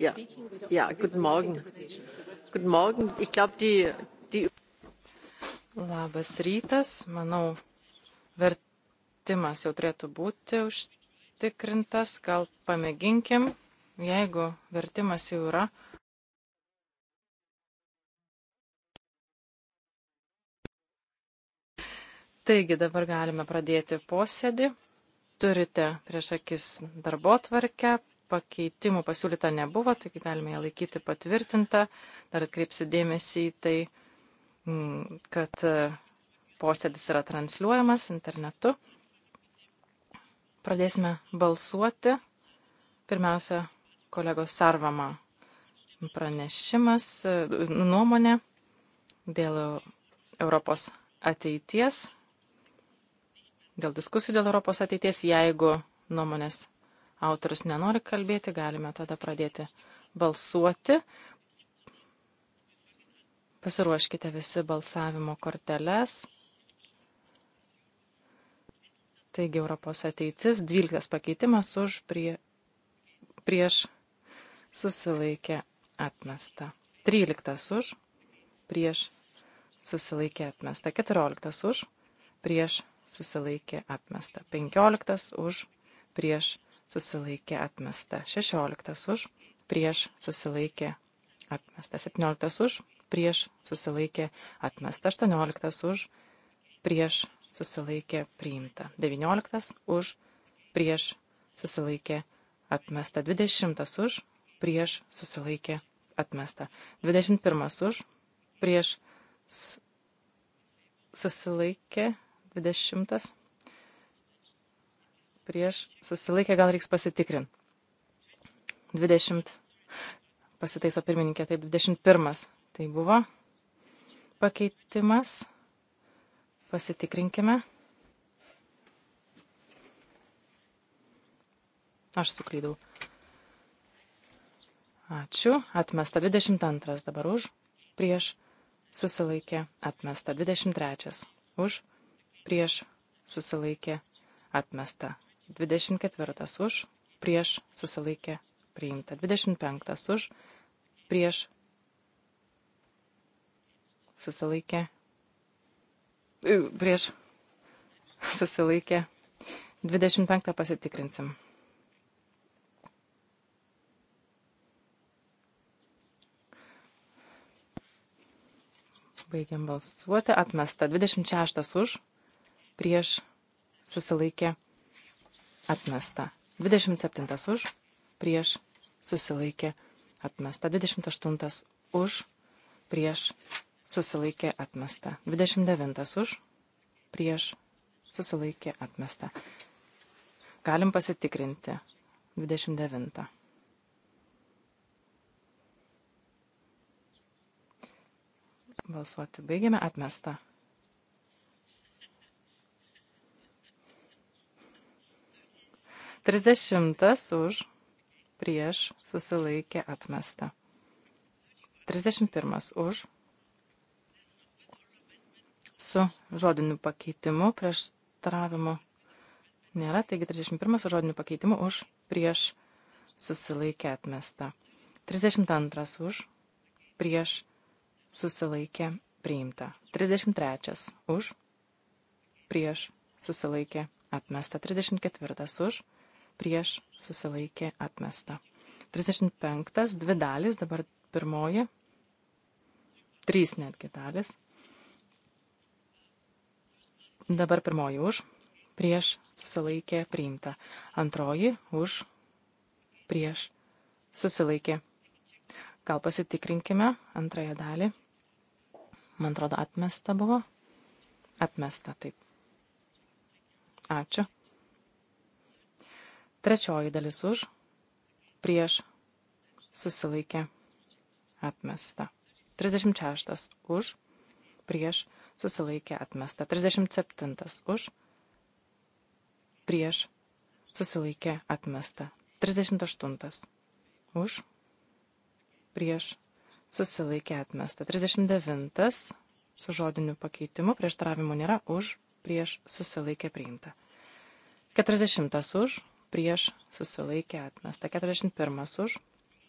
Ja, ja guten Morgen. Guten Morgen. Ich glaube, die, die. Labas rytas. Manau, vertimas jau turėtų būti užtikrintas. Gal pamėginkim, jeigu vertimas jau yra. Taigi dabar galime pradėti posėdį. Turite prieš akis darbo tvarkę, pakeitimų pasiūlyta nebuvo, taigi galime ją laikyti patvirtintą. Dar atkreipsiu dėmesį į tai, mm, kad e, posėdis yra transliuojamas internetu. Pradėsime balsuoti. Pirmiausia, kolegos Sarvama pranešimas, e, nu, nuomonė dėl Europos ateities, dėl diskusijų dėl Europos ateities, jeigu nuomonės Autorius nenori kalbėti, galime tada pradėti balsuoti. Pasiruoškite visi balsavimo korteles. Taigi Europos ateitis, 12 pakeitimas už prie, prieš susilaikė atmesta. 13 už prieš susilaikė atmesta. 14 už prieš susilaikė atmesta. 15 už prieš susilaikė atmesta susilaikė atmesta. 16 už, prieš susilaikė atmesta. 17 už, prieš susilaikė atmesta. 18 už, prieš susilaikė priimta. 19 už, prieš susilaikė atmesta. 20 už, prieš susilaikė atmesta. 21 už, prieš susilaikė 20 prieš susilaikė, gal reiks pasitikrinti. 20. Pasitaiso pirmininkė, taip, 21. Tai buvo pakeitimas. Pasitikrinkime. Aš suklydau. Ačiū. Atmesta 22 dabar už. Prieš. Susilaikė. Atmesta 23. Už. Prieš. Susilaikė. Atmesta 24 už, prieš susilaikė priimta. 25 už, prieš susilaikė. E, prieš susilaikė. 25 pasitikrinsim. Baigiam balsuoti. Atmesta. 26 už. Prieš susilaikė atmesta. 27 už, prieš, susilaikė, atmesta. 28 už, prieš, susilaikė, atmesta. 29 už, prieš, susilaikė, atmesta. Galim pasitikrinti. 29. Balsuoti baigiame, atmesta. 30 už, prieš, susilaikė atmesta. 31 už, su žodiniu pakeitimu, prieštaravimu nėra, taigi 31 su žodiniu pakeitimu už, prieš, susilaikė atmesta. 32 už, prieš, susilaikė priimta. 33 už, prieš, susilaikė atmesta. 34 už, prieš susilaikė atmesta. 35, dvi dalis, dabar pirmoji, trys netgi dalis. Dabar pirmoji už, prieš susilaikė priimta. Antroji už, prieš susilaikė. Gal pasitikrinkime antrąją dalį. Man atrodo, atmesta buvo. Atmesta, taip. Ačiū. Trečioji dalis už, prieš, susilaikė, atmesta. 36 už, prieš, susilaikė, atmesta. 37 už, prieš, susilaikė, atmesta. 38 už, prieš, susilaikė, atmesta. 39 su žodiniu pakeitimu, prieštaravimų nėra, už, prieš, susilaikė, priimta. 40 už, prieš susilaikė atmesta. 41 už,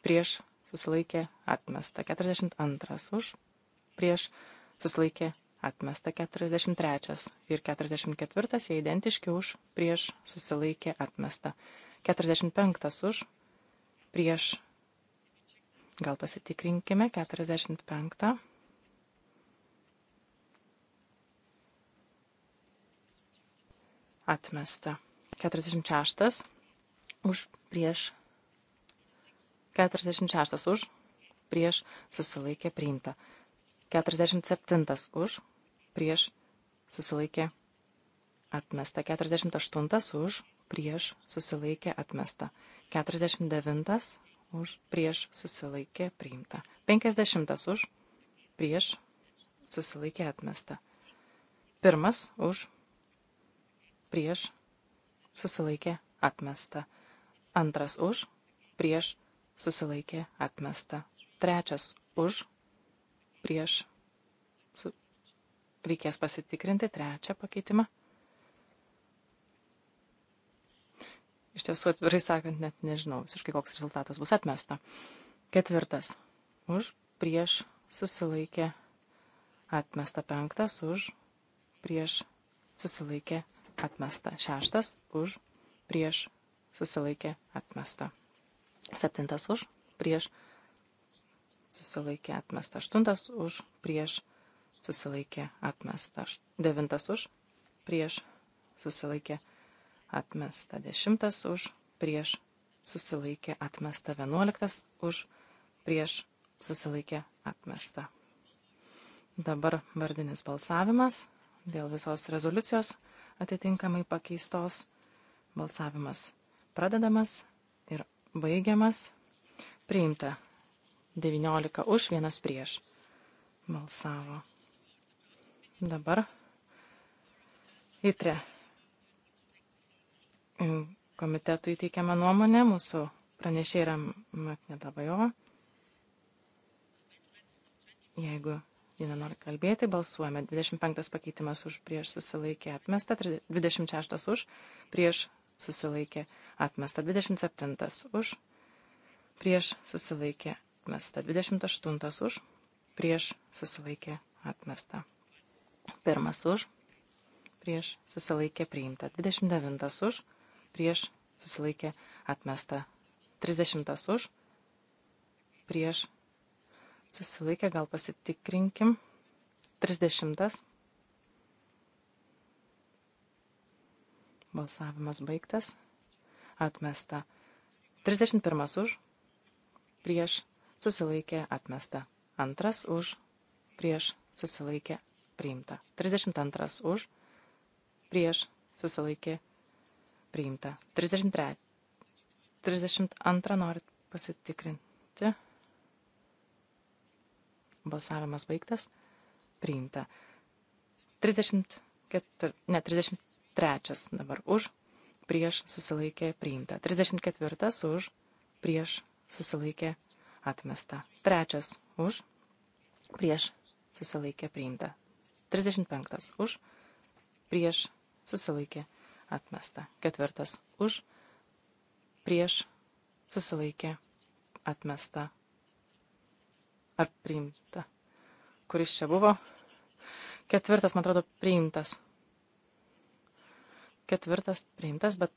prieš susilaikė atmesta. 42 už, prieš susilaikė atmesta. 43 ir 44 jie identiški už, prieš susilaikė atmesta. 45 už, prieš. Gal pasitikrinkime 45. Atmesta. 46 už prieš. 46 už prieš susilaikė priimta. 47 už prieš susilaikė atmesta. 48 už prieš susilaikė atmesta. 49 už prieš susilaikė priimta. 50 už prieš susilaikė atmesta. Pirmas už prieš susilaikė atmesta. Antras už, prieš, susilaikė atmesta. Trečias už, prieš. Su... Reikės pasitikrinti trečią pakeitimą. Iš tiesų, atvirai sakant, net nežinau visiškai, koks rezultatas bus atmesta. Ketvirtas. Už, prieš, susilaikė atmesta. Penktas už, prieš, susilaikė atmesta atmesta. Šeštas už, prieš, susilaikė, atmesta. Septintas už, prieš, susilaikė, atmesta. Aštuntas už, prieš, susilaikė, atmesta. Devintas už, prieš, susilaikė, atmesta. Dešimtas už, prieš, susilaikė, atmesta. Vienuoliktas už, prieš, susilaikė, atmesta. Dabar vardinis balsavimas dėl visos rezoliucijos atitinkamai pakeistos. Balsavimas pradedamas ir baigiamas. Priimta 19 už, 1 prieš. Balsavo. Dabar įtre komitetui teikiama nuomonė, mūsų pranešė yra Makneta Bajova. Jeigu Viena nori kalbėti, balsuojame. 25 pakeitimas už prieš susilaikė atmesta, 26 už prieš susilaikė atmesta, 27 už prieš susilaikė atmesta, 28 už prieš susilaikė atmesta. Pirmas už prieš susilaikė priimta, 29 už prieš susilaikė atmesta, 30 už prieš Susilaikė, gal pasitikrinkim. 30. Balsavimas baigtas. Atmesta. 31 už. Prieš. Susilaikė. Atmesta. Antras už. Prieš. Susilaikė. Priimta. 32 už. Prieš. Susilaikė. Priimta. 33. 32 norit pasitikrinti. Balsavimas baigtas. Priimta. 34, ne, 33 dabar už, prieš susilaikė priimta. 34 už, prieš susilaikė atmesta. 3 už, prieš susilaikė priimta. 35 už, prieš susilaikė atmesta. 4 už, prieš susilaikė atmesta. Ar priimta? Kuris čia buvo? Ketvirtas, man atrodo, priimtas. Ketvirtas priimtas, bet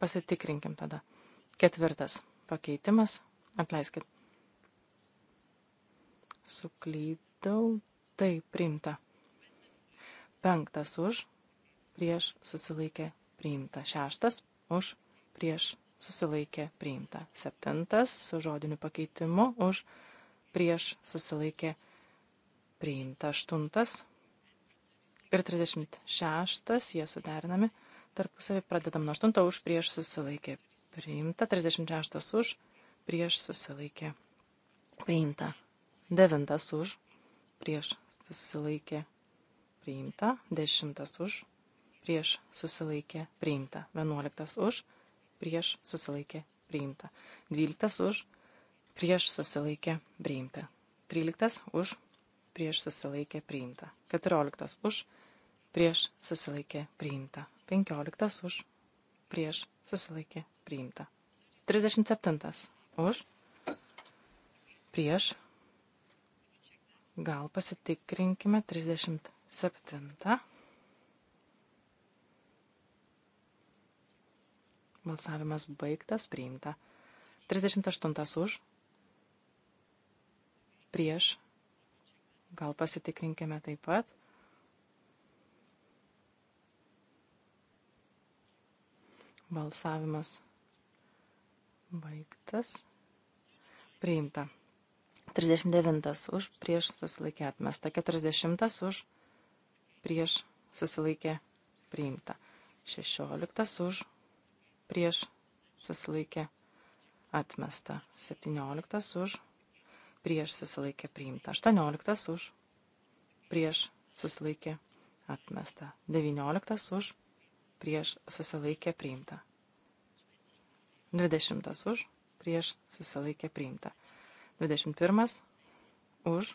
pasitikrinkim tada. Ketvirtas pakeitimas. Atleiskit. Suklydau. Tai priimta. Penktas už. Prieš susilaikė priimta. Šeštas už. Prieš susilaikė priimta. Septintas su žodiniu pakeitimu už. Prieš prieš susilaikė priimta. Aštuntas ir 36, jie suderinami tarpusavį, pradedam nuo 8 už prieš susilaikė priimta, 36 už prieš susilaikė priimta, 9 už prieš susilaikė priimta, 10 už prieš susilaikė priimta, 11 už prieš susilaikė priimta, 12 už prieš susilaikė priimta. 13 už, prieš susilaikė priimta. 14 už, prieš susilaikė priimta. 15 už, prieš susilaikė priimta. 37 už, prieš. Gal pasitikrinkime 37. Balsavimas baigtas, priimta. 38 už, prieš. Gal pasitikrinkime taip pat. Balsavimas baigtas. Priimta. 39 už prieš susilaikė atmesta. 40 už prieš susilaikė priimta. 16 už prieš susilaikė atmesta. 17 už prieš susilaikė priimta. 18 už, prieš susilaikė atmesta. 19 už, prieš susilaikė priimta. 20 už, prieš susilaikė priimta. 21 už,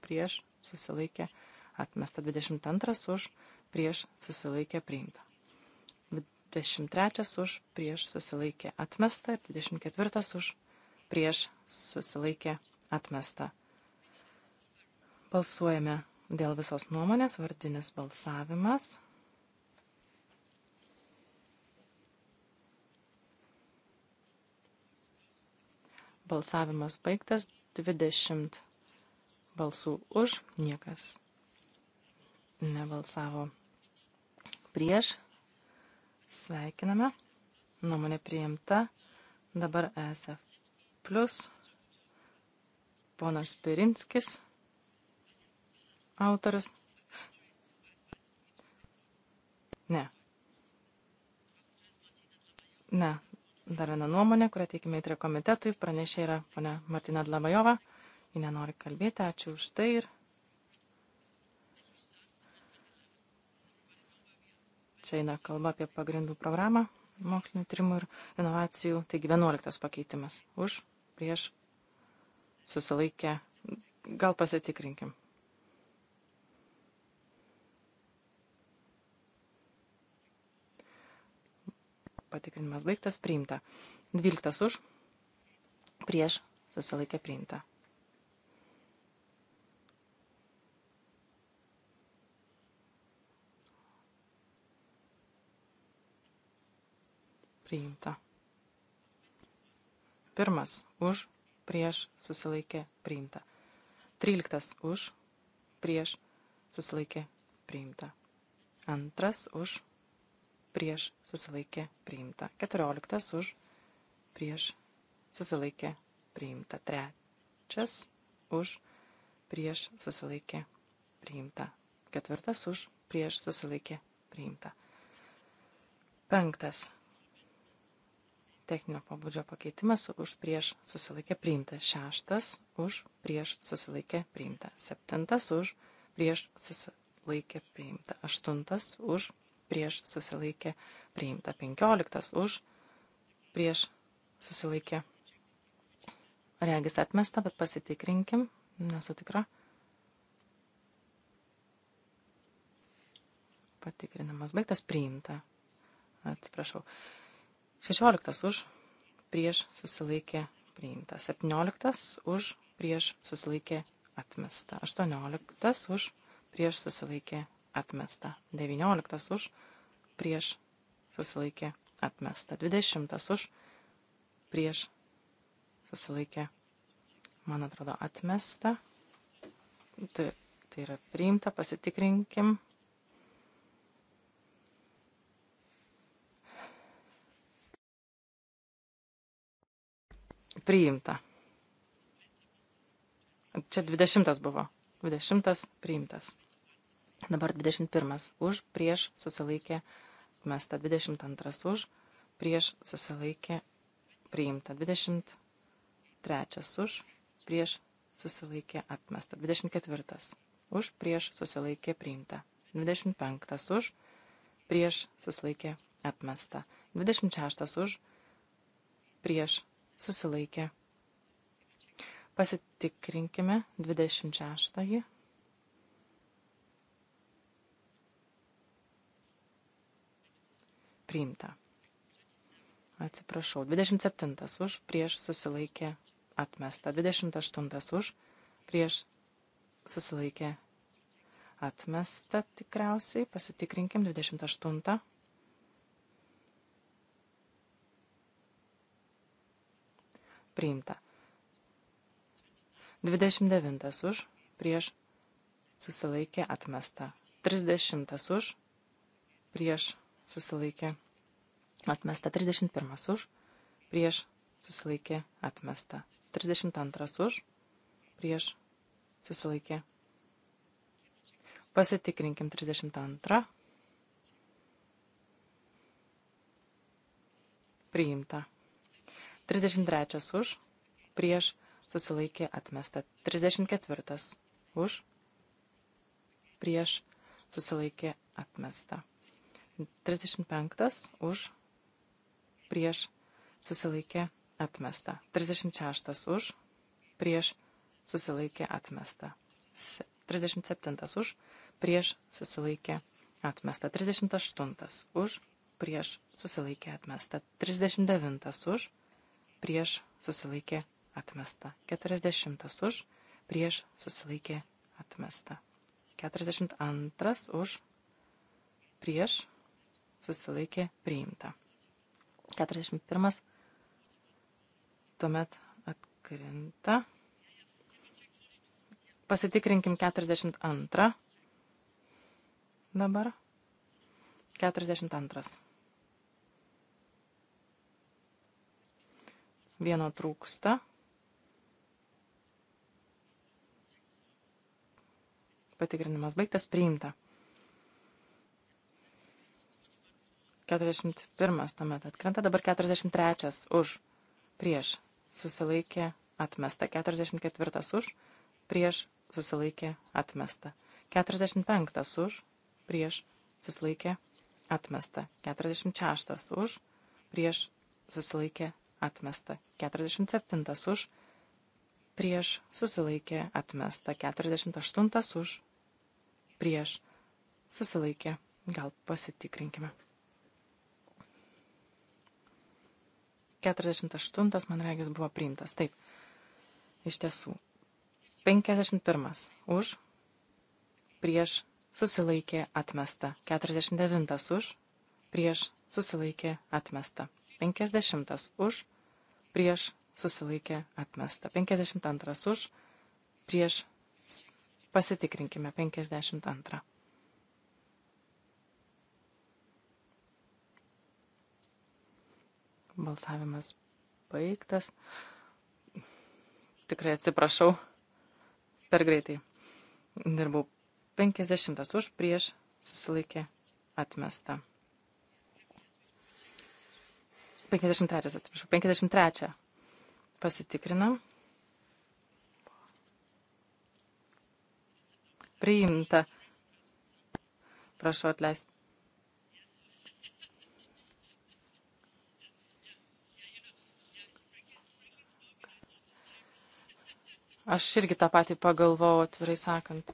prieš susilaikė atmesta. 22 už, prieš susilaikė priimta. 23 už, prieš susilaikė atmesta ir 24 už, prieš susilaikė atmesta atmesta. Balsuojame dėl visos nuomonės, vardinis balsavimas. Balsavimas baigtas 20 balsų už, niekas nebalsavo prieš. Sveikiname. Nuomonė priimta. Dabar ESF plus ponas Pirinskis, autoris. Ne. Ne. Dar viena nuomonė, kurią teikime į komitetui, pranešė yra ponia Martina Dlabajova. Ji nenori kalbėti, ačiū už tai ir. Čia eina kalba apie pagrindų programą mokslinio tyrimų ir inovacijų, taigi 11 pakeitimas. Už, prieš, susilaikė. Gal pasitikrinkim. Patikrinimas baigtas, priimta. 12 už, prieš, susilaikė priimta. Priimta. Pirmas už, prieš susilaikė priimta. 13 už, prieš susilaikė priimta. 2 už, prieš susilaikė priimta. 14 už, prieš susilaikė priimta. 3 už, prieš susilaikė priimta. 4 už, prieš susilaikė priimta. 5 techninio pobūdžio pakeitimas už prieš susilaikė priimta. Šeštas už prieš susilaikė priimta. Septintas už prieš susilaikė priimta. Aštuntas už prieš susilaikė priimta. Penkioliktas už prieš susilaikė. Regis atmesta, bet pasitikrinkim, nesu tikra. Patikrinamas baigtas priimta. Atsiprašau. 16 už, prieš susilaikė priimta. 17 už, prieš susilaikė atmesta. 18 už, prieš susilaikė atmesta. 19 už, prieš susilaikė atmesta. 20 už, prieš susilaikė, man atrodo, atmesta. Tai, tai yra priimta, pasitikrinkim. priimta. Čia 20 buvo. 20 priimtas. Dabar 21 už, prieš susilaikė mesta. 22 už, prieš susilaikė priimta. 23 už, prieš susilaikė atmesta. 24 už, prieš susilaikė priimta. 25 už, prieš susilaikė atmesta. 26 už, prieš susilaikė. Pasitikrinkime 26. Priimta. Atsiprašau, 27 už, prieš susilaikė atmesta, 28 už, prieš susilaikė atmesta tikriausiai, pasitikrinkim 28. priimta. 29 už, prieš, susilaikė, atmesta. 30 už, prieš, susilaikė, atmesta. 31 už, prieš, susilaikė, atmesta. 32 už, prieš, susilaikė. Pasitikrinkim 32. Priimta. 33 už, prieš susilaikė atmesta. 34 už, prieš susilaikė atmesta. 35 už, prieš susilaikė atmesta. 36 už, prieš susilaikė atmesta. 37 už, prieš susilaikė atmesta. 38 už, prieš susilaikė atmesta. 39 už, prieš susilaikė atmesta. 40 už, prieš susilaikė atmesta. 42 už, prieš susilaikė priimta. 41 tuomet atkrinta. Pasitikrinkim 42 dabar. 42. Vieno trūksta. Patikrinimas baigtas, priimta. 41 tuomet atkrenta, dabar 43 už, prieš, susilaikė, atmesta. 44 už, prieš, susilaikė, atmesta. 45 už, prieš, susilaikė, atmesta. 46 už, prieš, susilaikė, atmesta. 47 už, prieš susilaikė atmesta, 48 už, prieš susilaikė. Gal pasitikrinkime. 48, man regis, buvo priimtas. Taip, iš tiesų. 51 už, prieš susilaikė atmesta. 49 už, prieš susilaikė atmesta. 50 už, prieš susilaikė atmesta. 52 už, prieš pasitikrinkime 52. Balsavimas baigtas. Tikrai atsiprašau, per greitai dirbau. 50 už prieš susilaikė atmesta. 53, atsiprašau, 53. Pasitikrinam. Priimta. Prašau atleisti. Aš irgi tą patį pagalvojau, atvirai sakant.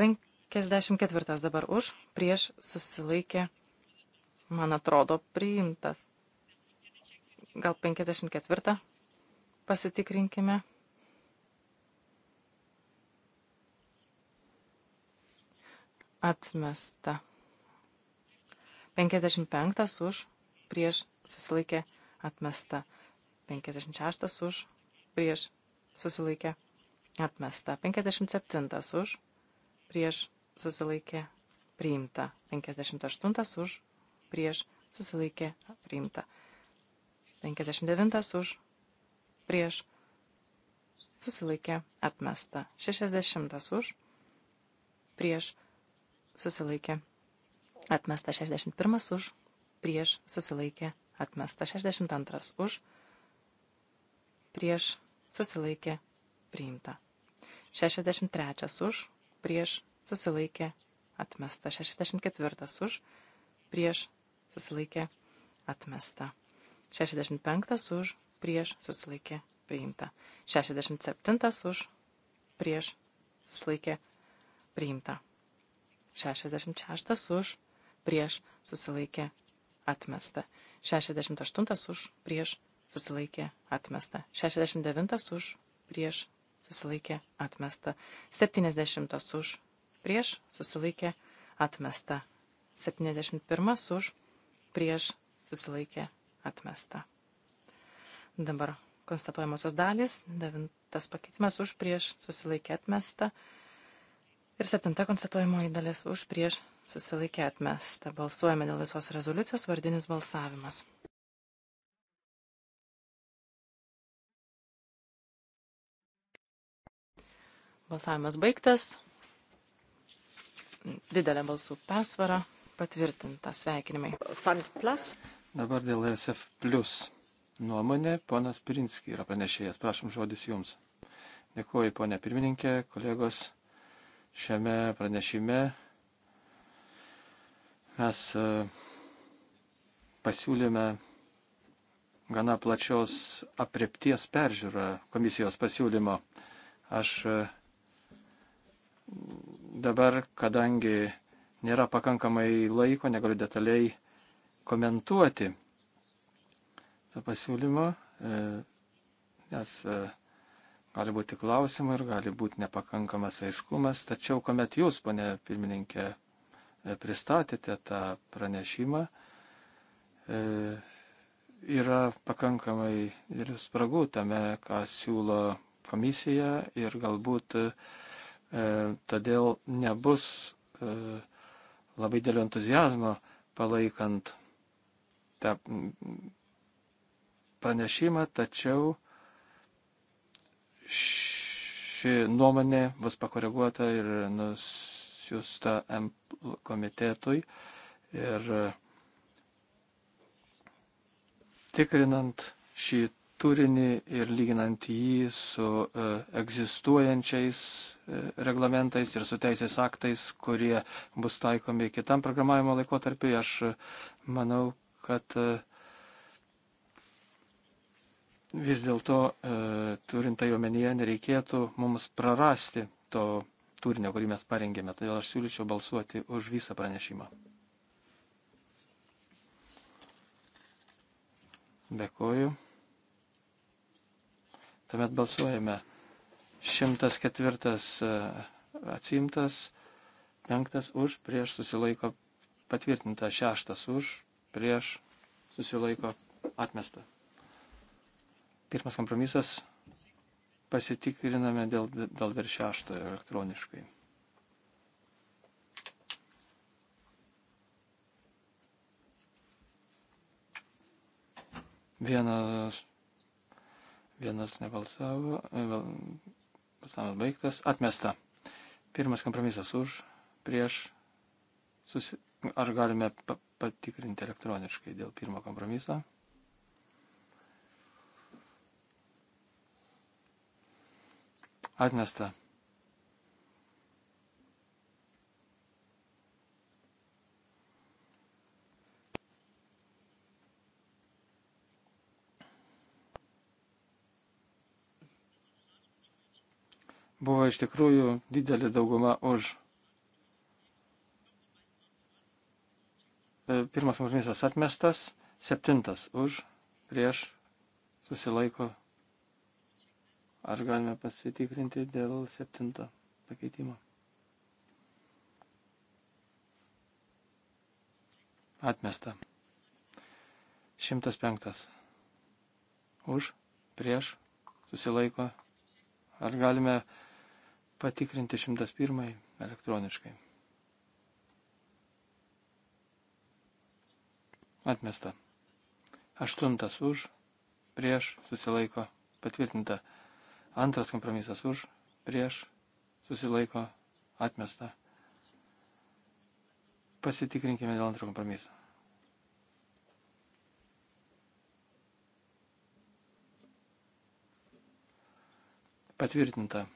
5. 54 dabar už, prieš susilaikė, man atrodo, priimtas. Gal 54 pasitikrinkime. Atmesta. 55 už, prieš susilaikė, atmesta. 56 už, prieš susilaikė, atmesta. 57 už, prieš susilaikė priimta. 58 už prieš susilaikė priimta. 59 už prieš susilaikė atmesta. 60 už prieš susilaikė atmesta. 61 už prieš susilaikė atmesta. 62 už prieš susilaikė priimta. 63 už prieš susilaikė atmesta. 64 už, prieš susilaikė atmesta. 65 už, prieš susilaikė priimta. 67 už, prieš susilaikė priimta. 66 už, prieš susilaikė atmesta. 68 už, prieš susilaikė atmesta. 69 už, prieš susilaikė atmesta. 70 už, prieš susilaikė atmesta. 71 už prieš susilaikė atmesta. Dabar konstatuojamosios dalys, devintas pakeitimas už prieš susilaikė atmesta. Ir septinta konstatuojamoji dalis už prieš susilaikė atmesta. Balsuojame dėl visos rezoliucijos vardinis balsavimas. Balsavimas baigtas didelę balsų persvarą patvirtinta. Sveikinimai. Fund Plus. Dabar dėl ESF Plus nuomonė, ponas Pirinski yra pranešėjas. Prašom žodis jums. Dėkuoju, ponė pirmininkė, kolegos. Šiame pranešime mes e, pasiūlėme gana plačios apriepties peržiūrą komisijos pasiūlymo. Aš e, Dabar, kadangi nėra pakankamai laiko, negaliu detaliai komentuoti tą pasiūlymą, e, nes e, gali būti klausimų ir gali būti nepakankamas aiškumas. Tačiau, kuomet jūs, ponė pirmininkė, e, pristatėte tą pranešimą, yra pakankamai ir spragų tame, ką siūlo komisija ir galbūt uh, E, todėl nebus e, labai dėlio entuzijazmo palaikant tą pranešimą, tačiau ši nuomonė bus pakoreguota ir nusiusta M komitetui ir e, tikrinant šį turinį ir lyginant jį su e, egzistuojančiais e, reglamentais ir su teisės aktais, kurie bus taikomi kitam programavimo laikotarpiu, aš e, manau, kad e, vis dėlto e, turint tai omenyje nereikėtų mums prarasti to turinio, kurį mes parengėme. Todėl aš siūlyčiau balsuoti už visą pranešimą. Dėkuoju. Tuomet balsuojame. 104 e, atsimtas, 5 už, prieš susilaiko patvirtinta, 6 už, prieš susilaiko atmesta. Pirmas kompromisas pasitikriname dėl, dėl dar šeštojo elektroniškai. Vienas Vienas nebalsavo. Balsavimas baigtas. Atmesta. Pirmas kompromisas už, prieš. Susi... Ar galime pa patikrinti elektroniškai dėl pirmo kompromiso? Atmesta. buvo iš tikrųjų didelė dauguma už. E, pirmas kompromisas atmestas, septintas už, prieš, susilaiko. Ar galime pasitikrinti dėl septinto pakeitimo? Atmesta. 105. Už, prieš, susilaiko. Ar galime patikrinti 101 elektroniškai. Atmesta. Aštuntas už, prieš, susilaiko, patvirtinta. Antras kompromisas už, prieš, susilaiko, atmesta. Pasitikrinkime dėl antro kompromiso. Patvirtinta.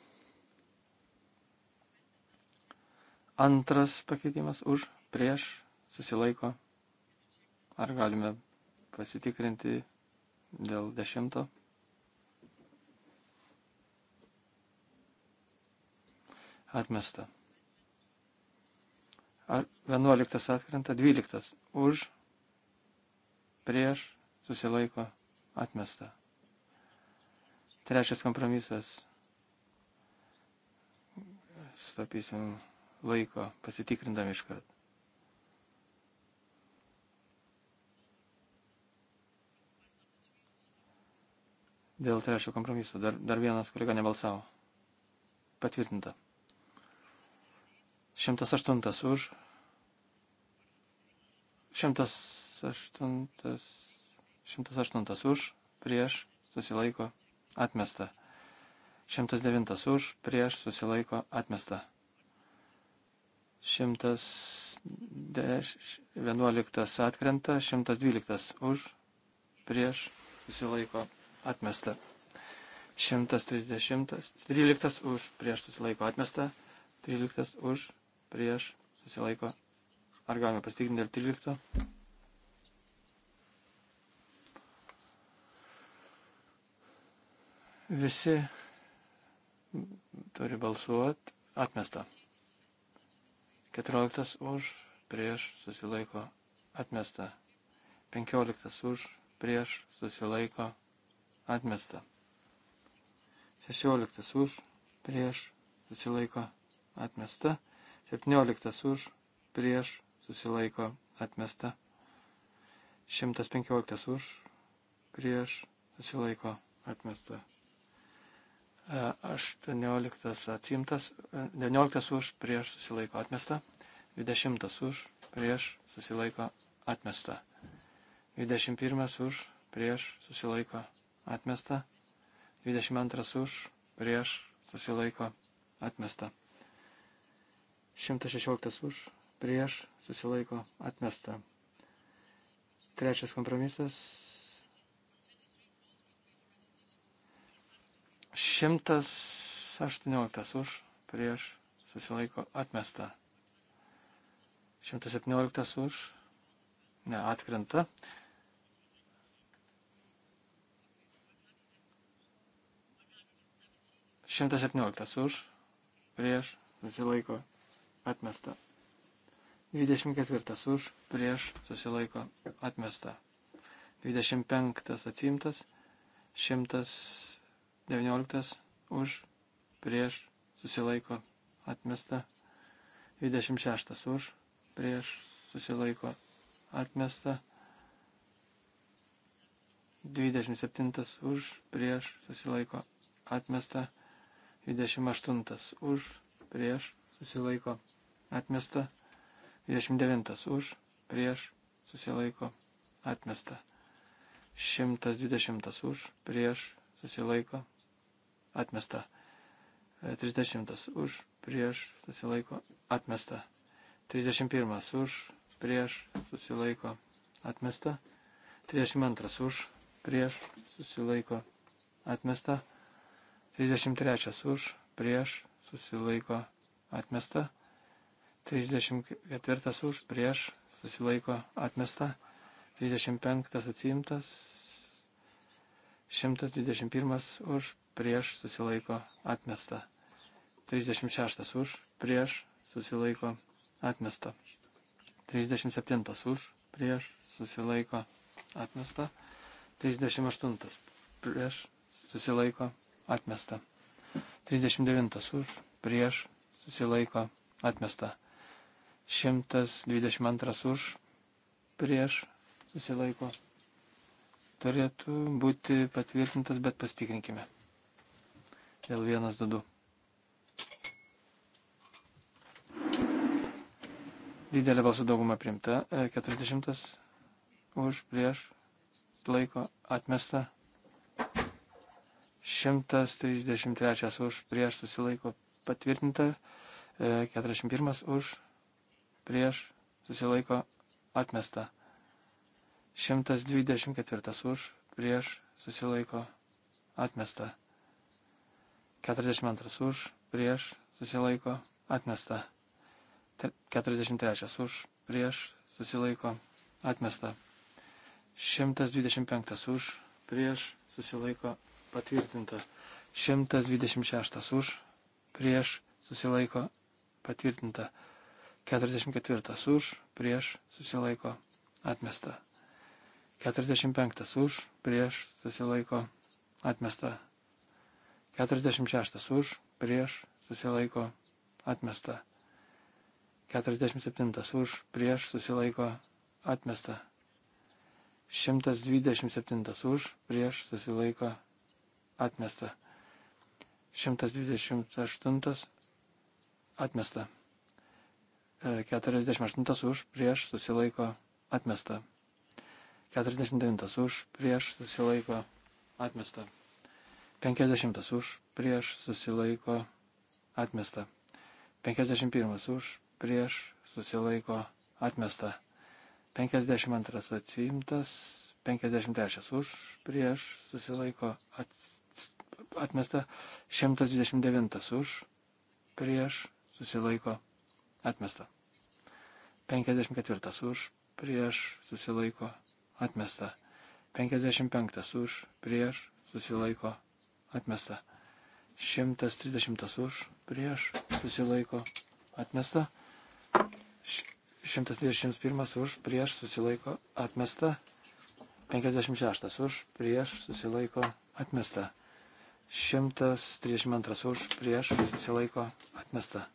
Antras pakeitimas už, prieš, susilaiko. Ar galime pasitikrinti dėl dešimto? Atmesta. Ar vienuoliktas atkrenta, dvyliktas už, prieš, susilaiko, atmesta. Trečias kompromisas. Stopysim laiko pasitikrindami iškart. Dėl trečio kompromiso dar, dar vienas kolega nebalsavo. Patvirtinta. 108 už. 108, 108 už. Prieš susilaiko atmesta. 109 už. Prieš susilaiko atmesta. 111 atkrenta, 112 už, prieš, susilaiko atmesta. 130, 13 už, prieš susilaiko atmesta, 13 už, prieš susilaiko. Ar galime pasitikinti dėl 13? Visi turi balsuoti atmesta. 14 už, prieš susilaiko atmesta. 15 už, prieš susilaiko atmesta. 16 už, prieš susilaiko atmesta. 17 už, prieš susilaiko atmesta. 115 už, prieš susilaiko atmesta. 18 atsimtas, 19 už prieš susilaiko atmesta, 20 už prieš susilaiko atmesta, 21 už prieš susilaiko atmesta, 22 už prieš susilaiko atmesta, 116 už prieš susilaiko atmesta. Trečias kompromisas 118 už, prieš, susilaiko atmesta. 117 už, ne, atkrenta. Šimtas septynioliktas už, prieš, susilaiko, atmesta. Dvidešimt ketvirtas už, prieš, susilaiko, atmesta. Dvidešimt penktas atsimtas, šimtas 19 už, prieš, susilaiko, atmesta. 26 už, prieš, susilaiko, atmesta. 27 už, prieš, susilaiko, atmesta. 28 už, prieš, susilaiko, atmesta. 29 už, prieš, susilaiko, atmesta. 120 už, prieš, susilaiko, atmesta atmesta. 30 už, prieš, susilaiko, atmesta. 31 už, prieš, susilaiko, atmesta. 32 už, prieš, susilaiko, atmesta. 33 už, prieš, susilaiko, atmesta. 34 už, prieš, susilaiko, atmesta. 35 atsiimtas. 121 už, prieš susilaiko atmesta. 36 už, prieš susilaiko atmesta. 37 už, prieš susilaiko atmesta. 38 prieš susilaiko atmesta. 39 už, prieš susilaiko atmesta. 122 už, prieš susilaiko atmesta turėtų būti patvirtintas, bet pastikrinkime. Dėl 1-2. Didelė balsų dauguma primta. 40 e, už prieš laiko atmesta. 133 už prieš susilaiko patvirtinta. 41 e, už prieš susilaiko atmesta. 124 už prieš susilaiko atmesta. 42 už, prieš, susilaiko, atmesta. 43 už, prieš, susilaiko, atmesta. 125 už, prieš, susilaiko, patvirtinta. 126 už, prieš, susilaiko, patvirtinta. 44 už, prieš, susilaiko, atmesta. 45 už, prieš, susilaiko, atmesta. 46 už, prieš, susilaiko, atmesta. 47 už, prieš, susilaiko, atmesta. 127 už, prieš, susilaiko, atmesta. 128 atmesta. 48 e, už, prieš, susilaiko, atmesta. 49 už, prieš, susilaiko, atmesta. 50 už, prieš susilaiko atmesta. 51 už, prieš susilaiko atmesta. 52 atsiimtas, 53 už, prieš susilaiko at, atmesta. 129 už, prieš susilaiko atmesta. 54 už, prieš susilaiko atmesta. 55 už, prieš susilaiko atmesta. 130 už, prieš, susilaiko, atmesta. 131 už, prieš, susilaiko, atmesta. 56 už, prieš, susilaiko, atmesta. 132 už, prieš, susilaiko, atmesta.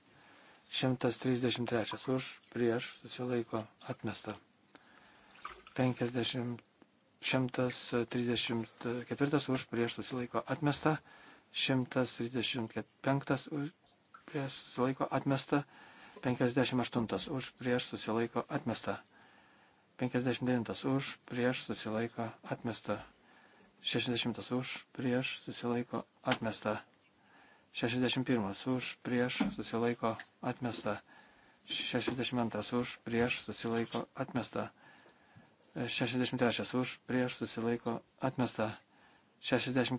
133 už, prieš, susilaiko, atmesta. 56 134 už prieš susilaiko atmesta, 135 už prieš susilaiko atmesta, 58 už prieš susilaiko atmesta, 59 už prieš susilaiko atmesta, 60 už prieš susilaiko atmesta, 61 už prieš susilaiko atmesta, 62 už prieš susilaiko atmesta. 63 už, prieš susilaiko atmesta. 64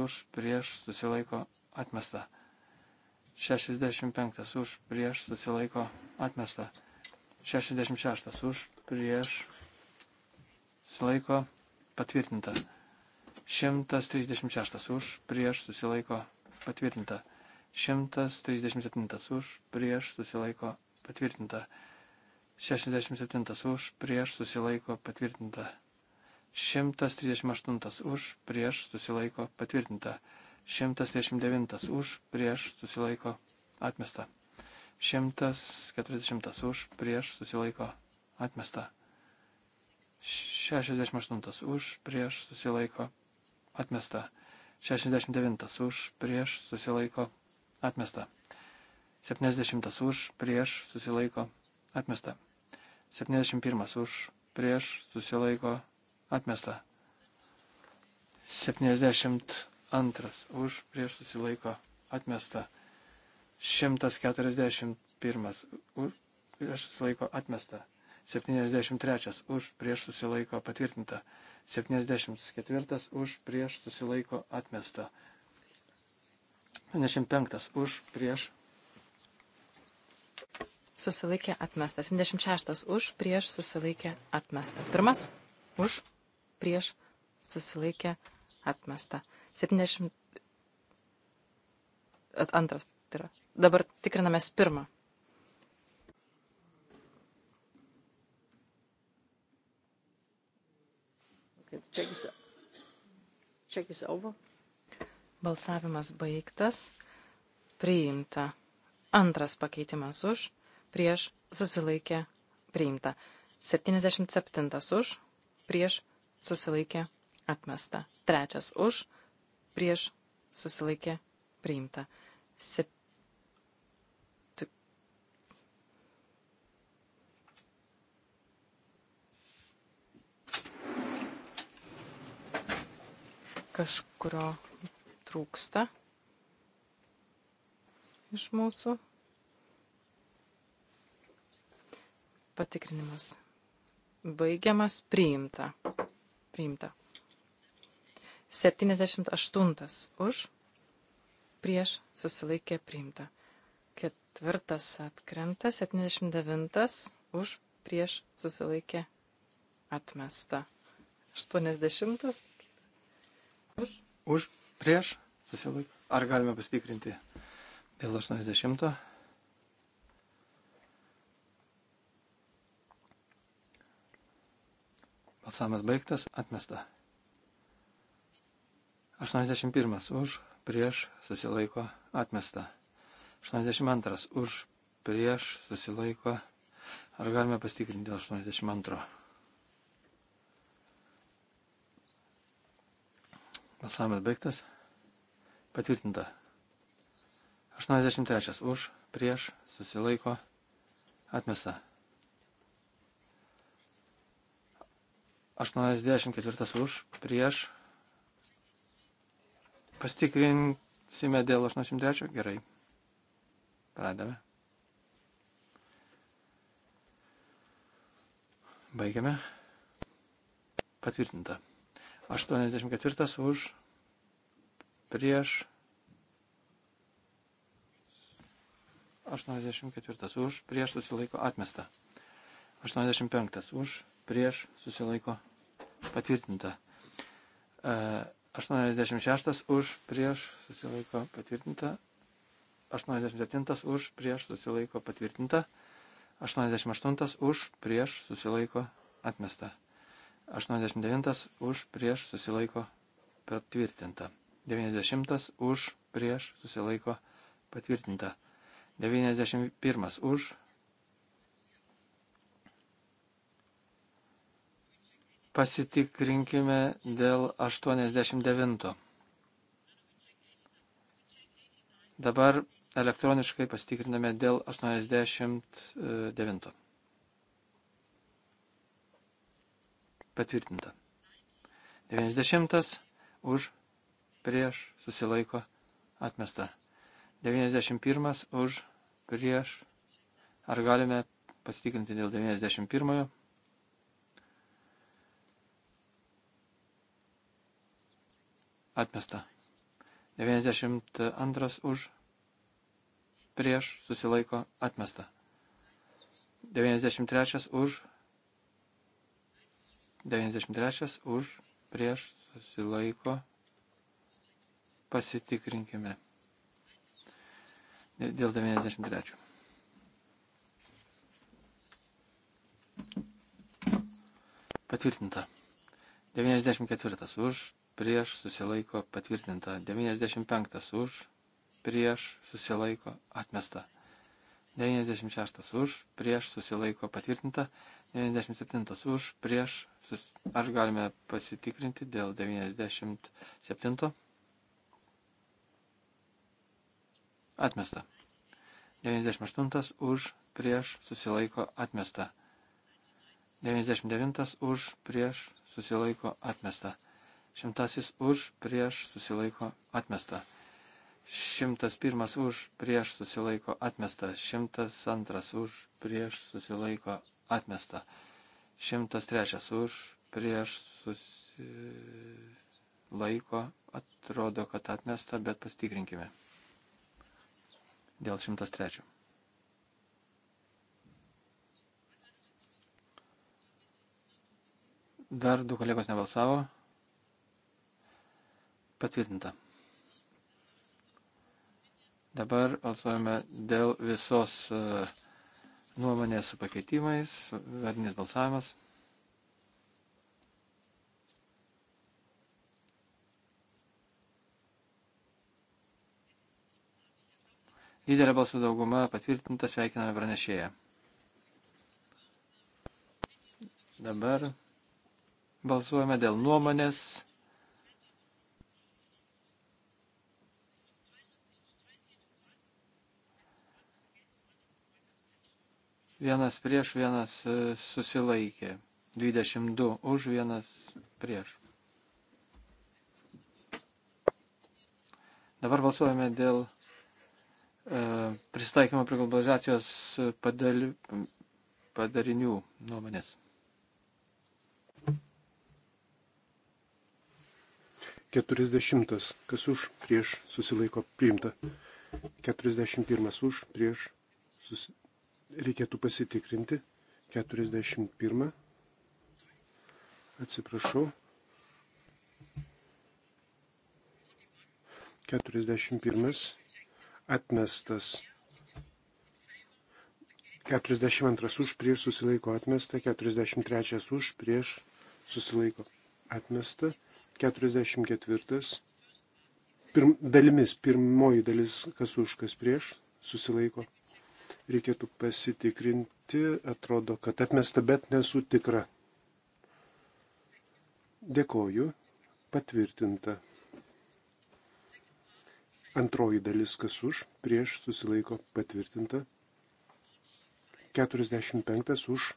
už, prieš susilaiko atmesta. 65 už, prieš susilaiko atmesta. 66 už, prieš susilaiko patvirtinta. 136 už, prieš susilaiko patvirtinta. 137 už, prieš susilaiko patvirtinta. 67 už, prieš susilaiko patvirtinta. 138 už, prieš susilaiko patvirtinta. 139 už, prieš susilaiko atmesta. 140 už, prieš susilaiko atmesta. 68 už, prieš susilaiko atmesta. 69 už, prieš susilaiko atmesta. 70 už, prieš susilaiko atmesta. 71 už, prieš, susilaiko, atmesta. 72 už, prieš, susilaiko, atmesta. 141 už, prieš, susilaiko, atmesta. 73 už, prieš, susilaiko, patvirtinta. 74 už, prieš, susilaiko, atmesta. 75 už, prieš, susilaikė atmestas. 76 už, prieš susilaikė atmesta. Pirmas už, prieš susilaikė atmesta. 70. At, antras, tai yra. Dabar tikrinamės pirmą. Okay, check is, check is over. Balsavimas baigtas. Priimta. Antras pakeitimas už prieš susilaikė priimta. 77 už, prieš susilaikė atmesta. Trečias už, prieš susilaikė priimta. Sep... Kažkurio trūksta iš mūsų. Patikrinimas. Baigiamas priimta. Priimta. 78 už. Prieš susilaikė priimta. Ketvirtas atkrenta. 79 už. Prieš susilaikė atmesta. 80 už. Už. Prieš susilaikė. Ar galime pasitikrinti dėl 80? Balsavimas baigtas, atmesta. 81 už, prieš, susilaiko, atmesta. 82 už, prieš, susilaiko. Ar galime pastikrinti dėl 82? Balsavimas baigtas. Patvirtinta. 83 už, prieš, susilaiko, atmesta. 84 už, prieš. Pastikrinsime dėl 83, gerai. Pradame. Baigiame. Patvirtinta. 84 už, prieš. 84 už, prieš susilaiko atmesta. 85 už, prieš susilaiko patvirtinta. 86 e, už prieš susilaiko patvirtinta. 87 už prieš susilaiko patvirtinta. 88 už prieš susilaiko atmesta. 89 už prieš susilaiko patvirtinta. 90 už prieš susilaiko patvirtinta. 91 už Pasitikrinkime dėl 89. Dabar elektroniškai pasitikriname dėl 89. Patvirtinta. 90 už prieš susilaiko atmesta. 91 už prieš. Ar galime pasitikrinti dėl 91? atmesta. 92 už, prieš, susilaiko, atmesta. 93 už, 93 už, prieš, susilaiko, pasitikrinkime. Dėl 93. Patvirtinta. 94 už, prieš susilaiko patvirtinta. 95 už, prieš susilaiko atmesta. 96 už, prieš susilaiko patvirtinta. 97 už, prieš. Sus... Ar galime pasitikrinti dėl 97? Atmesta. 98 už, prieš susilaiko atmesta. 99 už, prieš susilaiko atmesta. Šimtasis už, prieš, susilaiko, atmesta. Šimtas pirmas už, prieš, susilaiko, atmesta. Šimtas antras už, prieš, susilaiko, atmesta. Šimtas trečias už, prieš, susilaiko, atrodo, kad atmesta, bet pastikrinkime. Dėl šimtas trečio. Dar du kolegos nebalsavo. Patvirtinta. Dabar balsuojame dėl visos e, nuomonės su pakeitimais, vardinis balsavimas. Didelė balsų dauguma patvirtinta, sveikiname pranešėją. Dabar balsuojame dėl nuomonės Vienas prieš, vienas e, susilaikė. 22 už, vienas prieš. Dabar balsuojame dėl e, pristaikymo prie globalizacijos padali, padarinių nuomonės. Keturisdešimtas, kas už, prieš, susilaiko, priimta. Keturisdešimt pirmas už, prieš, susilaiko reikėtų pasitikrinti. 41. Atsiprašau. 41. Atmestas. 42 už prieš susilaiko atmesta, 43 už prieš susilaiko atmesta, 44 pirm, dalimis, pirmoji dalis kas už kas prieš susilaiko Reikėtų pasitikrinti, atrodo, kad atmesta, bet nesu tikra. Dėkoju, patvirtinta. Antroji dalis, kas už, prieš susilaiko patvirtinta. 45 už,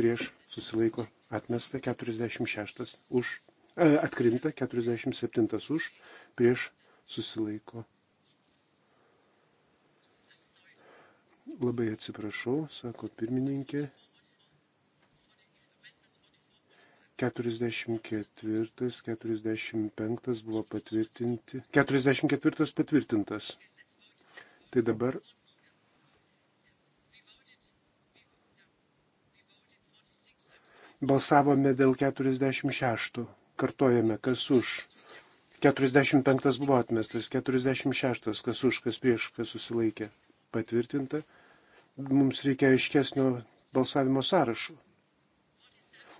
prieš susilaiko atmesta 46 už, e, atkrinta 47 už, prieš susilaiko Labai atsiprašau, sako pirmininkė. 44, 45 buvo patvirtinti. 44 patvirtintas. Tai dabar. Balsavome dėl 46. Kartojame, kas už. 45 buvo atmestas, 46 kas už, kas prieš, kas susilaikė. Patvirtinta mums reikia aiškesnio balsavimo sąrašo.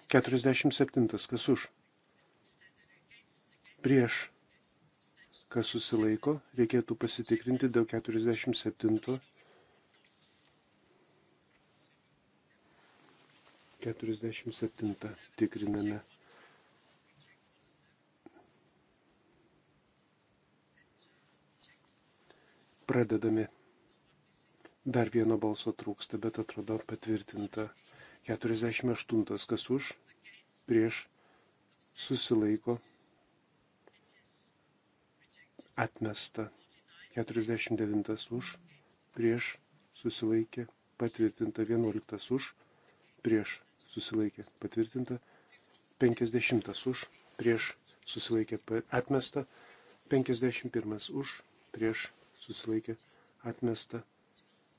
47. Kas už? Prieš. Kas susilaiko, reikėtų pasitikrinti dėl 47. 47. Tikriname. Pradedame. Dar vieno balso trūksta, bet atrodo patvirtinta. 48. Kas už? Prieš. Susilaiko. Atmesta. 49. Už. Prieš. Susilaikė. Patvirtinta. 11. Už. Prieš. Susilaikė. Patvirtinta. 50. Už. Prieš. Susilaikė. Atmesta. 51. Už. Prieš. Susilaikė. Atmesta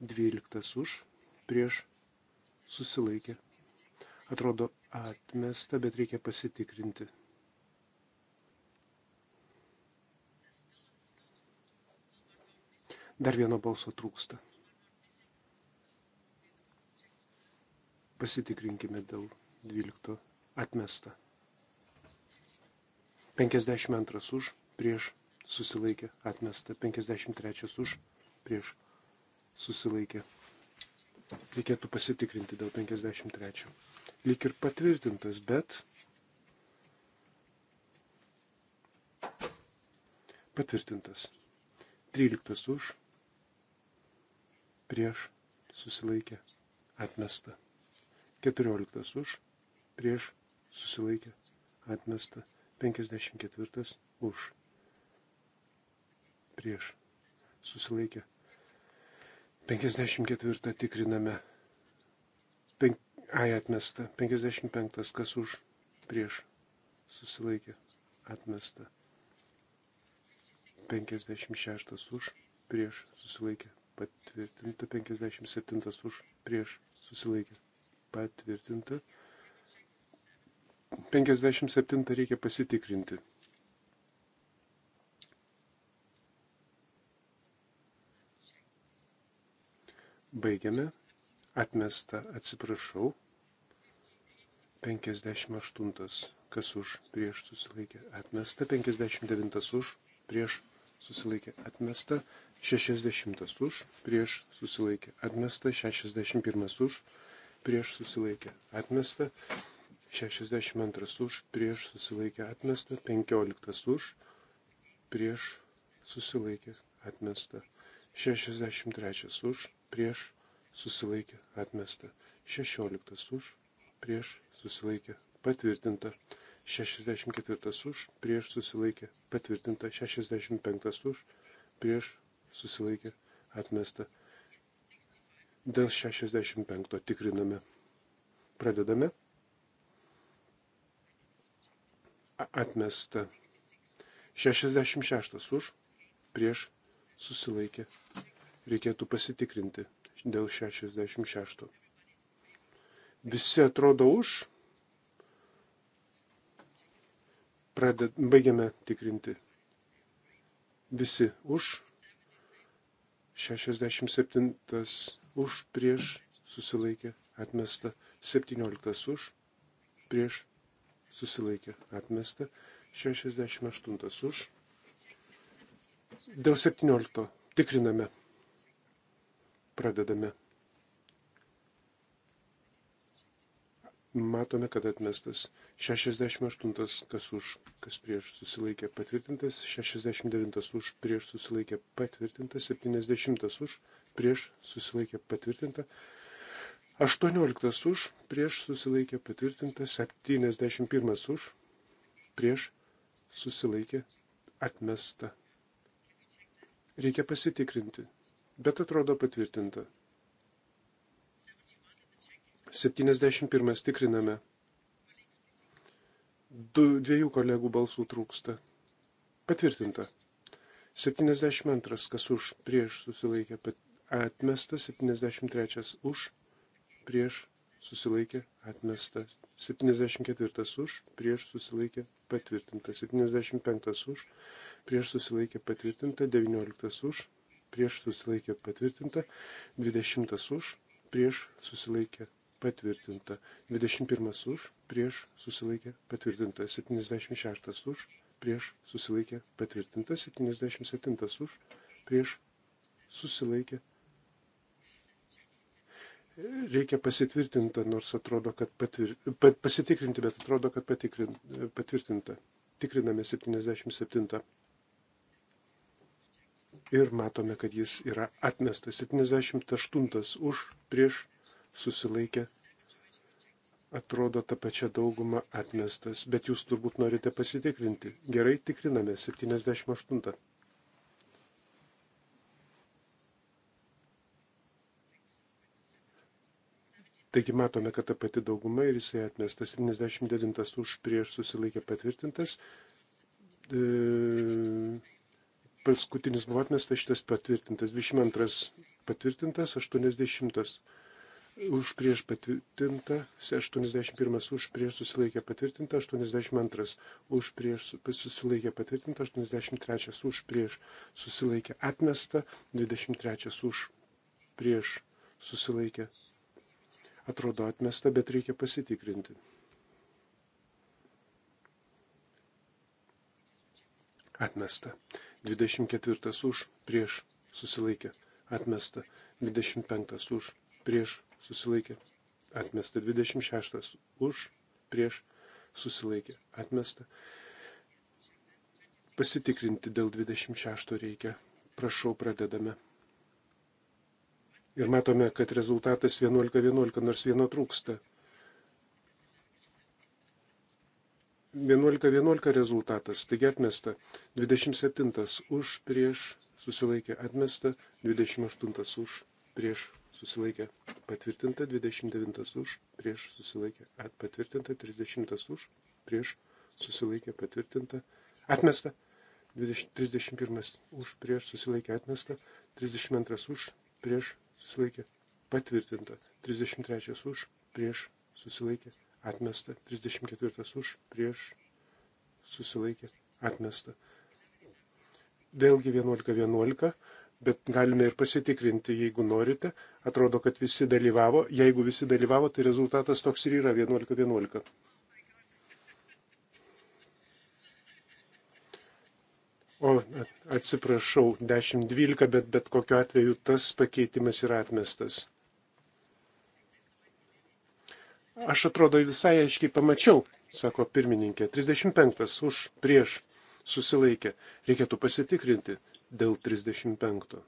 dvyliktas už, prieš susilaikė. Atrodo atmesta, bet reikia pasitikrinti. Dar vieno balso trūksta. Pasitikrinkime dėl 12 atmesta. 52 už, prieš susilaikė, atmesta. 53 už, prieš susilaikė. Reikėtų pasitikrinti dėl 53. Lyg ir patvirtintas, bet patvirtintas. 13 už, prieš, susilaikė, atmesta. 14 už, prieš, susilaikė, atmesta. 54 už, prieš, susilaikė, 54 tikriname. Penk... Ai atmesta. 55 kas už prieš susilaikė atmesta. 56 už prieš susilaikė patvirtinta. 57 už prieš susilaikė patvirtinta. 57 reikia pasitikrinti. Baigiame. Atmesta, atsiprašau. 58. Kas už prieš susilaikė atmesta. 59. Už prieš susilaikė atmesta. 60. Už prieš susilaikė atmesta. 61. Už prieš susilaikė atmesta. 62. Už prieš susilaikė atmesta. 15. Už prieš susilaikė atmesta. 63 už, prieš susilaikė atmesta. 16 už, prieš susilaikė patvirtinta. 64 už, prieš susilaikė patvirtinta. 65 už, prieš susilaikė atmesta. Dėl 65 tikriname. Pradedame. Atmesta. 66 už, prieš susilaikė. Reikėtų pasitikrinti dėl 66. Visi atrodo už. Praded, baigiame tikrinti. Visi už. 67 už prieš susilaikė atmesta. 17 už prieš susilaikė atmesta. 68 už Dėl 17. Tikriname. Pradedame. Matome, kad atmestas 68, kas už, kas prieš susilaikė patvirtintas, 69 už, prieš susilaikė patvirtintas, 70 už, prieš susilaikė patvirtinta, 18 už, prieš susilaikė patvirtinta, 71 už, prieš susilaikė atmesta. Reikia pasitikrinti. Bet atrodo patvirtinta. 71 tikriname. Du, dviejų kolegų balsų trūksta. Patvirtinta. 72 kas už prieš susilaikė atmesta, 73 už prieš susilaikė atmesta. 74 už, prieš susilaikė patvirtinta. 75 už, prieš susilaikė patvirtinta. 19 už, prieš susilaikė patvirtinta. 20 už, prieš susilaikė patvirtinta. 21 už, prieš susilaikė patvirtinta. 76 už, prieš susilaikė patvirtinta. 77 už, prieš susilaikė patvirtinta reikia pasitvirtinta, nors atrodo, kad patvir, pat, pasitikrinti, bet atrodo, kad patikrin, patvirtinta. Tikriname 77. Ir matome, kad jis yra atmestas. 78 už, prieš, susilaikė. Atrodo ta pačia dauguma atmestas, bet jūs turbūt norite pasitikrinti. Gerai, tikriname 78. Taigi matome, kad ta pati dauguma ir jisai atmestas 79 už prieš susilaikė patvirtintas. E, paskutinis buvo atmestas, šitas patvirtintas. 22 patvirtintas, 80 už prieš patvirtinta, 81 už prieš susilaikė patvirtinta, 82 už prieš susilaikė patvirtinta, 83 už prieš susilaikė atmesta, 23 už prieš susilaikė atrodo atmesta, bet reikia pasitikrinti. Atmesta. 24 už, prieš, susilaikė. Atmesta. 25 už, prieš, susilaikė. Atmesta. 26 už, prieš, susilaikė. Atmesta. Pasitikrinti dėl 26 reikia. Prašau, pradedame. Ir matome, kad rezultatas 11-11, nors vieno trūksta. 11-11 rezultatas, taigi atmesta. 27 už prieš susilaikė atmesta, 28 už prieš susilaikė patvirtinta, 29 už prieš susilaikė patvirtinta, 30 už prieš susilaikė patvirtinta, atmesta, 20, 31 už prieš susilaikė atmesta, 32 už prieš susilaikė, patvirtinta. 33 už, prieš, susilaikė, atmesta. 34 už, prieš, susilaikė, atmesta. Vėlgi 11.11 bet galime ir pasitikrinti, jeigu norite. Atrodo, kad visi dalyvavo. Jeigu visi dalyvavo, tai rezultatas toks ir yra 11-11. O atsiprašau, 10-12, bet bet kokiu atveju tas pakeitimas yra atmestas. Aš atrodo visai aiškiai pamačiau, sako pirmininkė. 35 už prieš susilaikė. Reikėtų pasitikrinti dėl 35.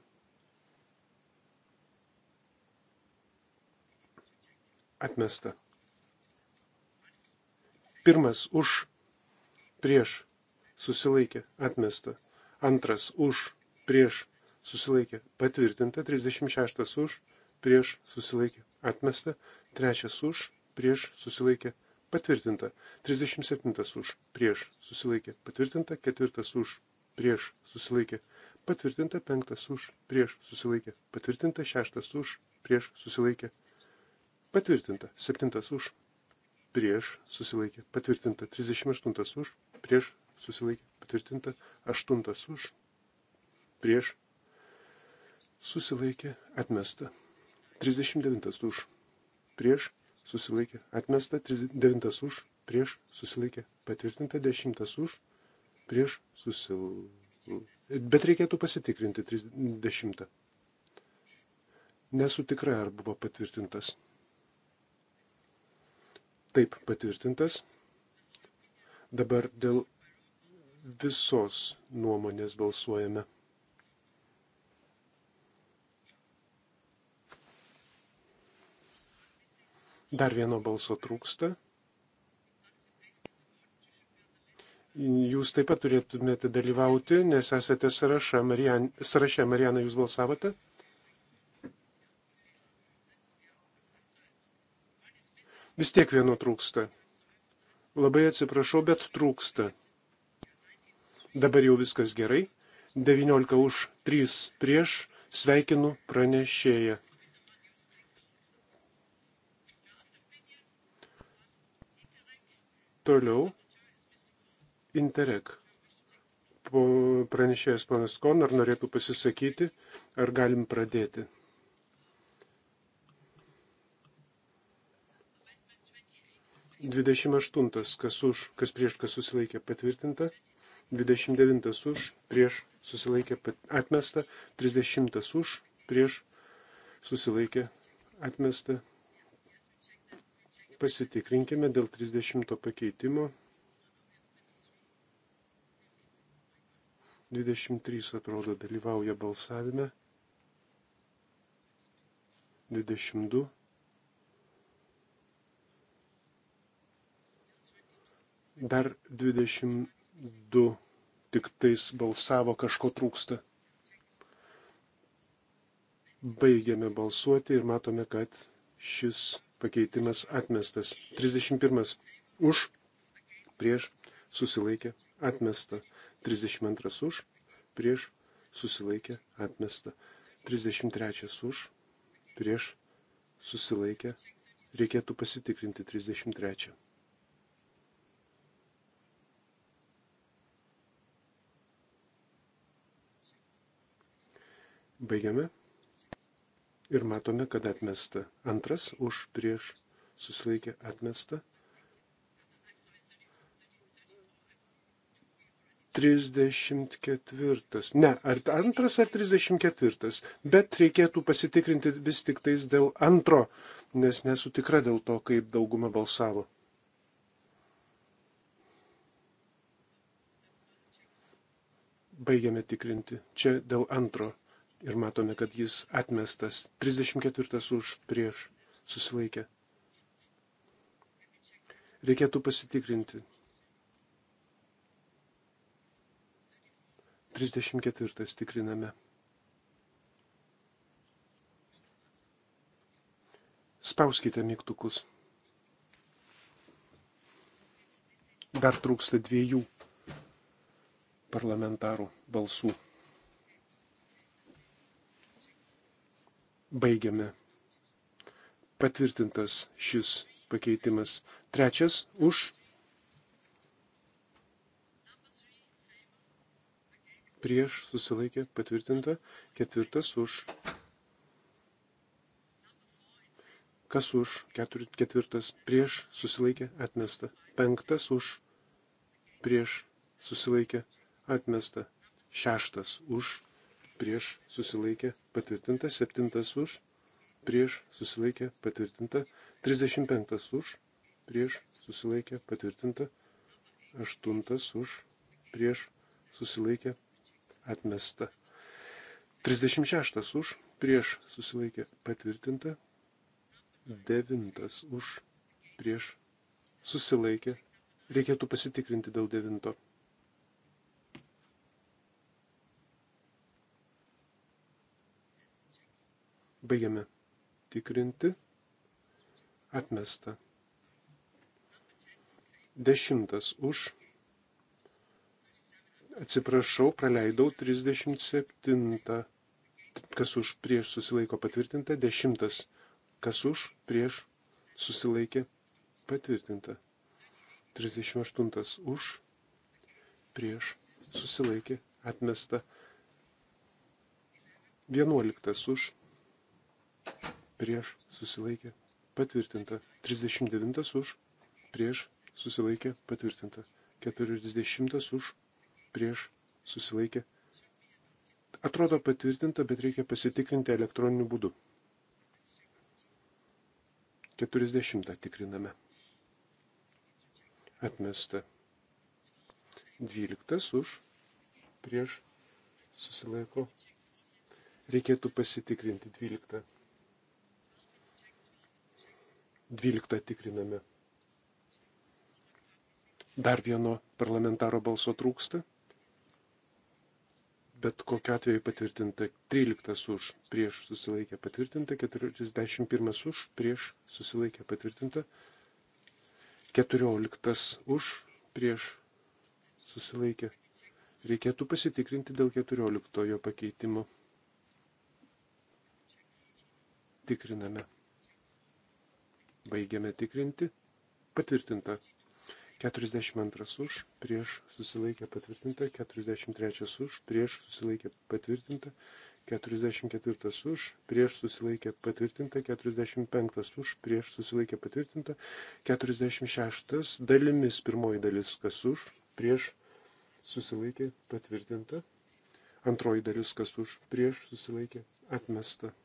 Atmesta. Pirmas už prieš susilaikė. Atmesta. Antras už, prieš, susilaikė, patvirtinta. 36 už, prieš, susilaikė, atmesta. Trečias už, prieš, susilaikė, patvirtinta. 37 už, prieš, susilaikė, patvirtinta. Ketvirtas už, prieš, susilaikė, patvirtinta. Penktas už, prieš, susilaikė, patvirtinta. Šeštas už, prieš, susilaikė, patvirtinta. Septintas už, prieš susilaikė. Patvirtinta 38 už, prieš susilaikė patvirtinta, aštuntas už, prieš, susilaikė, atmesta, 39 už, prieš, susilaikė, atmesta, 39 už, prieš, susilaikė, patvirtinta, 10 už, prieš, susilaikė. Bet reikėtų pasitikrinti 30. Nesu tikra, ar buvo patvirtintas. Taip, patvirtintas. Dabar dėl visos nuomonės balsuojame. Dar vieno balso trūksta. Jūs taip pat turėtumėte dalyvauti, nes esate sąraše. Marian, sąraše Marijana, jūs balsavote? Vis tiek vieno trūksta. Labai atsiprašau, bet trūksta. Dabar jau viskas gerai. 19 už 3 prieš. Sveikinu pranešėją. Toliau. Interreg. Po pranešėjas panas Kon, ar norėtų pasisakyti, ar galim pradėti? Dvidešimt aštuntas, kas už, kas prieš, kas susilaikė patvirtinta. 29 už, prieš susilaikė atmesta, 30 už, prieš susilaikė atmesta. Pasitikrinkime dėl 30 pakeitimo. 23 atrodo dalyvauja balsavime. 22. Dar 20 du tik tais balsavo, kažko trūksta. Baigiame balsuoti ir matome, kad šis pakeitimas atmestas. 31. Už, prieš, susilaikė, atmesta. 32. Už, prieš, susilaikė, atmesta. 33. Už, prieš, susilaikė, reikėtų pasitikrinti 33. Baigiame. Ir matome, kad atmesta. Antras už prieš susilaikė atmesta. 34. Ne, ar antras ar 34. Bet reikėtų pasitikrinti vis tik tais dėl antro, nes nesu tikra dėl to, kaip dauguma balsavo. Baigiame tikrinti. Čia dėl antro ir matome, kad jis atmestas. 34 už prieš susilaikė. Reikėtų pasitikrinti. 34 tikriname. Spauskite mygtukus. Dar trūksta dviejų parlamentarų balsų. Baigiame. Patvirtintas šis pakeitimas. Trečias už. Prieš susilaikė patvirtinta. Ketvirtas už. Kas už? Ketur, ketvirtas. Prieš susilaikė atmesta. Penktas už. Prieš susilaikė atmesta. Šeštas už prieš susilaikė patvirtinta, 7 už, prieš susilaikė patvirtinta, 35 už, prieš susilaikė patvirtinta, 8 už, prieš susilaikė atmesta. 36 už, prieš susilaikė patvirtinta, 9 už, prieš susilaikė. Reikėtų pasitikrinti dėl 9. Baigiame tikrinti. Atmesta. Dešimtas už. Atsiprašau, praleidau 37. Kas už prieš susilaiko patvirtinta. Dešimtas. Kas už prieš susilaikė patvirtinta. 38 už prieš susilaikė atmesta. 11 už prieš susilaikė patvirtinta. 39 už prieš susilaikė patvirtinta. 40 už prieš susilaikė. Atrodo patvirtinta, bet reikia pasitikrinti elektroniniu būdu. 40 tikriname. Atmesta. 12 už prieš susilaiko. Reikėtų pasitikrinti 12. 12 tikriname. Dar vieno parlamentaro balso trūksta. Bet kokiu atveju patvirtinta 13 už, prieš susilaikė patvirtinta, 41 už, prieš susilaikė patvirtinta, 14 už, prieš susilaikė. Reikėtų pasitikrinti dėl 14 pakeitimo. Tikriname. Baigiame tikrinti. Patvirtinta. 42 už, prieš susilaikė patvirtinta, 43 už, prieš susilaikė patvirtinta, 44 už, prieš susilaikė patvirtinta, 45 už, prieš susilaikė patvirtinta, 46 dalimis pirmoji dalis kas už, prieš susilaikė patvirtinta, antroji dalis kas už, prieš susilaikė atmesta.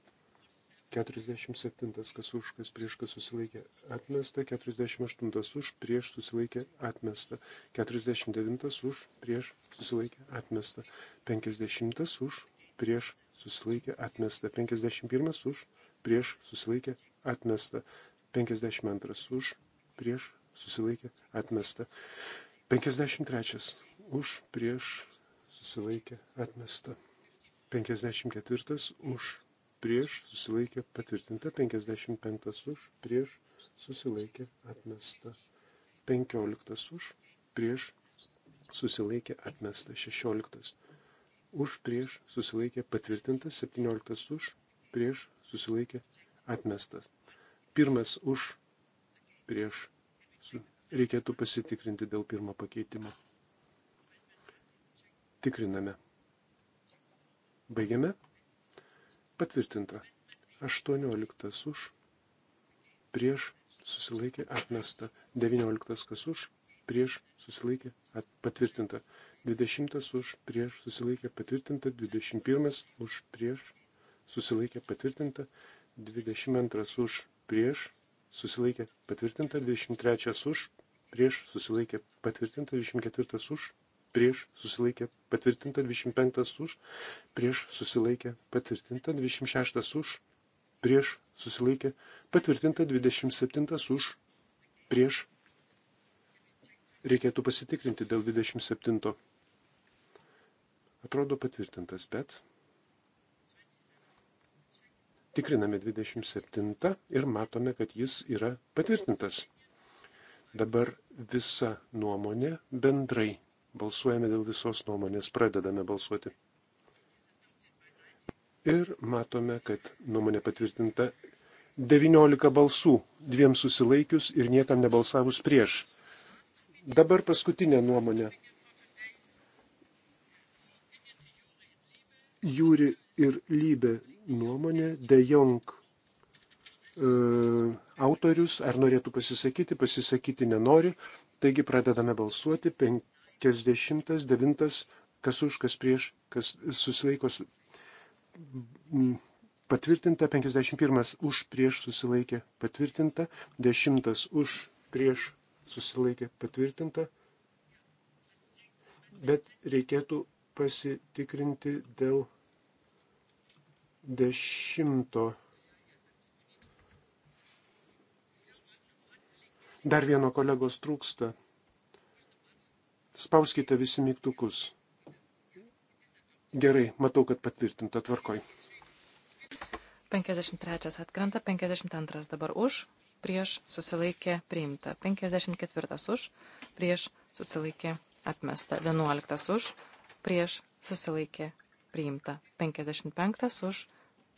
47 kas už, kas prieš, kas susilaikė atmesta, 48 už, prieš susilaikė atmesta, 49 už, prieš susilaikė atmesta, 50 už, prieš susilaikė atmesta, 51 už, prieš susilaikė atmesta, 52 už, prieš susilaikė atmesta, 53 už, prieš susilaikė atmesta, 54 už, prieš susilaikė patvirtinta, 55 už, prieš susilaikė atmesta, 15 už, prieš susilaikė atmesta, 16 už, prieš susilaikė patvirtinta, 17 už, prieš susilaikė atmestas. Pirmas už, prieš reikėtų pasitikrinti dėl pirmo pakeitimo. Tikriname. Baigiame. Patvirtinta. 18 už, prieš susilaikė atmesta. 19 kas už, prieš susilaikė at, patvirtinta. 20 už, prieš susilaikė patvirtinta. 21 už, prieš susilaikė patvirtinta. 22 už, prieš susilaikė patvirtinta. 23 už, prieš susilaikė patvirtinta. 24 už, prieš susilaikė patvirtinta, 25 už, prieš susilaikė patvirtinta, 26 už, prieš susilaikė patvirtinta, 27 už, prieš. Reikėtų pasitikrinti dėl 27. Atrodo patvirtintas, bet. Tikriname 27 ir matome, kad jis yra patvirtintas. Dabar visa nuomonė bendrai Balsuojame dėl visos nuomonės, pradedame balsuoti. Ir matome, kad nuomonė patvirtinta 19 balsų, dviem susilaikius ir niekam nebalsavus prieš. Dabar paskutinė nuomonė. Jūri ir Lybė nuomonė, De Jong e, autorius, ar norėtų pasisakyti, pasisakyti nenori, taigi pradedame balsuoti, penk, 50, 9, kas už, kas prieš, kas susilaiko. Patvirtinta 51 už prieš susilaikė patvirtinta, 10 už prieš susilaikė patvirtinta, bet reikėtų pasitikrinti dėl dešimto. Dar vieno kolegos trūksta. Spauskite visi mygtukus. Gerai, matau, kad patvirtinta tvarkoj. 53 atkrenta, 52 dabar už, prieš susilaikė priimta, 54 už, prieš susilaikė atmesta, 11 už, prieš susilaikė priimta, 55 už,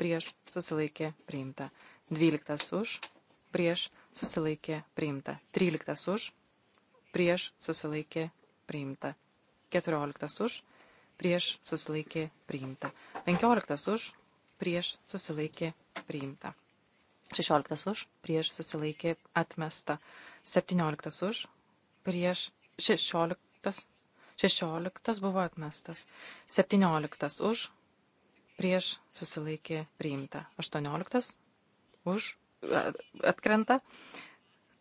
prieš susilaikė priimta, 12 už, prieš susilaikė priimta, 13 už, prieš susilaikė priimta. 14 už, prieš susilaikė priimta. 15 už, prieš susilaikė priimta. 16 už, prieš susilaikė atmesta. 17 už, prieš 16. 16 buvo atmestas. 17 už, prieš susilaikė priimta. 18 už, atkrenta.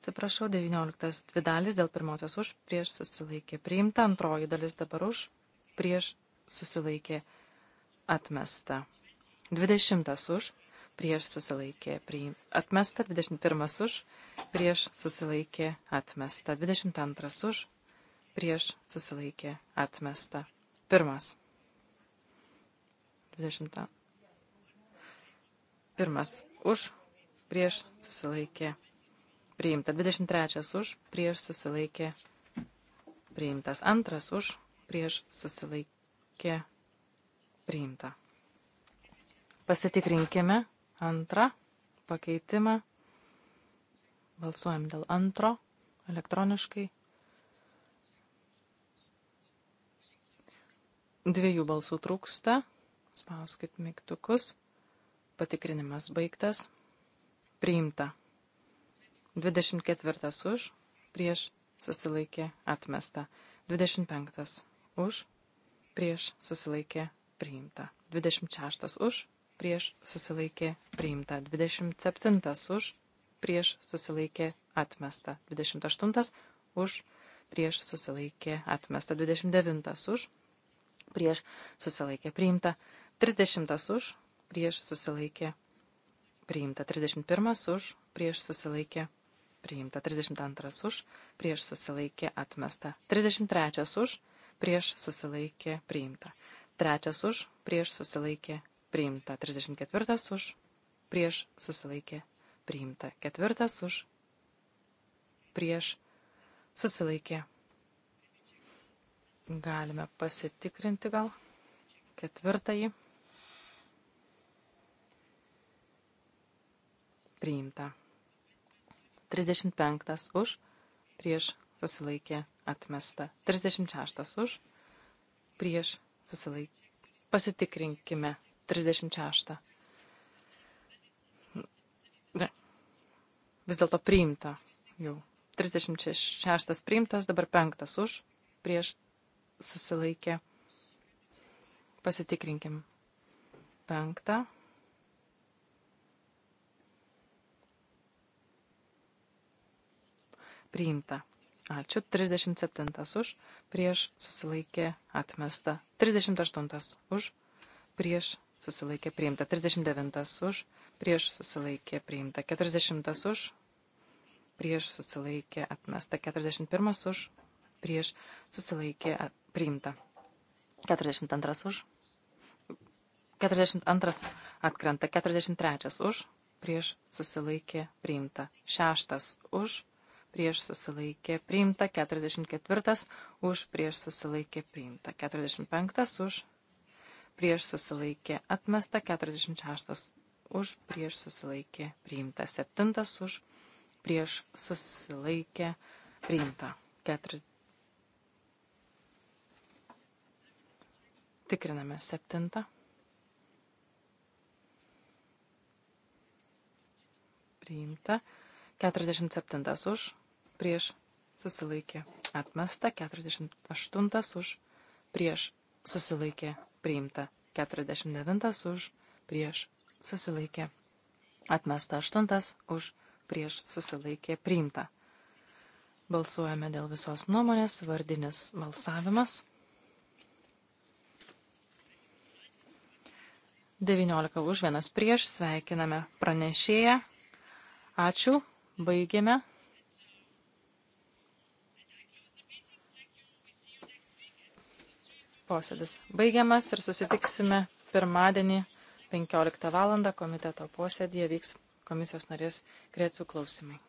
Atsiprašau, 19 dvi dalis dėl pirmosios už, prieš susilaikė priimta, antroji dalis dabar už, prieš susilaikė atmesta. 20 už, prieš susilaikė priimta, atmesta, 21 už, prieš susilaikė atmesta, 22 už, prieš susilaikė atmesta. Pirmas. 20. Pirmas už, prieš susilaikė atmesta priimta. 23 už, prieš susilaikė priimtas. Antras už, prieš susilaikė priimta. Pasitikrinkime antrą pakeitimą. Balsuojam dėl antro elektroniškai. Dviejų balsų trūksta. Spauskit mygtukus. Patikrinimas baigtas. Priimta. 24 už, prieš susilaikė atmesta. 25 už, prieš susilaikė priimta. 26 už, prieš susilaikė priimta. 27 už, prieš susilaikė atmesta. 28 už, prieš susilaikė atmesta. 29 už, prieš susilaikė priimta. 30 už, prieš susilaikė priimta. 31 už, prieš susilaikė priimta priimta. 32 už, prieš susilaikė atmesta. 33 už, prieš susilaikė priimta. 3 už, prieš susilaikė priimta. 34 už, prieš susilaikė priimta. 4 už, prieš susilaikė. Galime pasitikrinti gal ketvirtąjį. priimta. 35 už, prieš susilaikė atmesta. 36 už, prieš susilaikė. Pasitikrinkime 36. Ne. Vis dėlto priimta jau. 36 priimtas, dabar 5 už, prieš susilaikė. Pasitikrinkim. 5. priimta. Ačiū. 37 už, prieš susilaikė atmesta. 38 už, prieš susilaikė priimta. 39 už, prieš susilaikė priimta. 40 už, prieš susilaikė atmesta. 41 už, prieš susilaikė priimta. 42 už, 42 atkrenta. 43 už, prieš susilaikė priimta. 6 už, prieš susilaikė priimta, 44 už prieš susilaikė priimta, 45 už prieš susilaikė atmesta, 46 už prieš susilaikė priimta, 7 už prieš susilaikė priimta. 4. Tikriname 7. Priimta. 47 už prieš susilaikė atmesta, 48 už prieš susilaikė priimta, 49 už prieš susilaikė atmesta, 8 už prieš susilaikė priimta. Balsuojame dėl visos nuomonės, vardinis balsavimas. 19 už vienas prieš, sveikiname pranešėją. Ačiū, baigėme. posėdis baigiamas ir susitiksime pirmadienį 15 val. komiteto posėdėje vyks komisijos narės Grėcų klausimai.